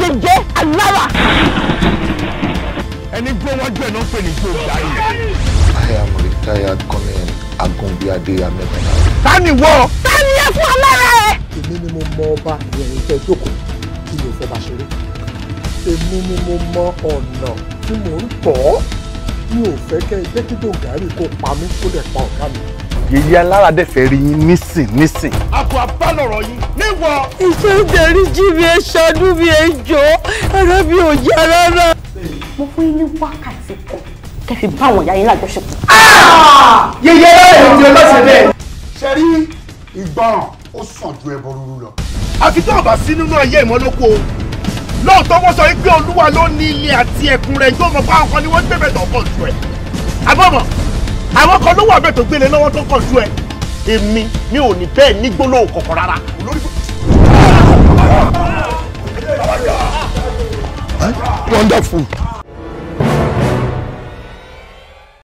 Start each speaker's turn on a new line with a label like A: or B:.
A: yẹyẹ alára. ẹni gbọ́ wọn jẹ́ náà pè ní gbòògbà yìí.
B: I am retired colonel Agunbíadé Amẹ́kọ̀ọ́.
C: ta ni wọ. ta ni ẹ fún alára ẹ.
D: èmi ni mo mọ ọba ìrìn tẹ jókòó kí ni òfò bá ṣeré èmi ni mo mọ ọ̀nà tí mò ń tọ̀ mi ò fẹ́ kẹ́ ẹ jẹ́ kí dògárì kó pa mí kó dẹ̀ pa ọ̀gá mi.
E: yèyí alára fẹ́ rí yín nísìn nísìn.
A: a kò àbálọ̀rọ̀ yín níwọ. ìṣe
F: ìdáríjì mi ẹ ṣàánú mi ẹ jọ ara mi ò yá rárá. mo fún yín ní wákàtí kan kẹ́ fi bá àwọn ìyá yín lájọṣepọ̀.
C: yẹyẹ ẹ̀rọ ti
F: ọlọ́sẹ̀
A: bẹ́ẹ̀. ṣe rí ìgbọràn ó sàn ju ẹbọ rúru lọ. àfi tó àbá sí nínú ayé ìmọ̀lókò lóòótọ́ wọ́n sọ pé olúwa ló ní ilé àti ẹ̀kún rẹ̀ yóò mọ̀ pé àwọn ni wọ́n gbẹ̀bẹ̀ tó kọ̀ ẹ̀. àbọ̀mọ̀ àwọn kan ló wà bẹ́ẹ̀ tó gbélé lọ́wọ́ tó kọ̀ ẹ̀ èmi mi ò ní bẹ́ẹ̀ ní gbólóhùn kọ̀ọ̀kan rárá. olórí
B: wonderful.